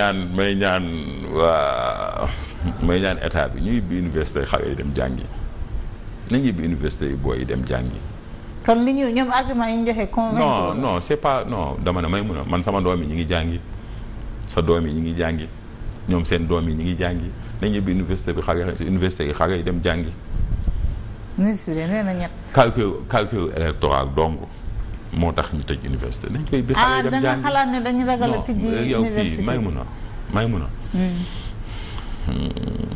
ñaan may ñaan waa may ñaan état bi ñu yibbi université xale yi dem jàngi nañu yibbi université yi booy yi dem jàngi. kon li ñu ñoom argument yi ñu joxe. convaincre non no c'est pas non dama ne may mun a man sama doom yi ñu ngi jàngi sa doom yi ñu ngi jàngi ñoom seen doom yi ñu ngi jàngi nañu yibbi université bi xale yi université yi xale yi dem jàngi. ministre bi nee na ñett. calcul calcul électoral dong. moo tax ñu tëj université dañ koy bi ah, xale yi ne dañu ragal a tijji université yow kii may mun a may mun a hmm.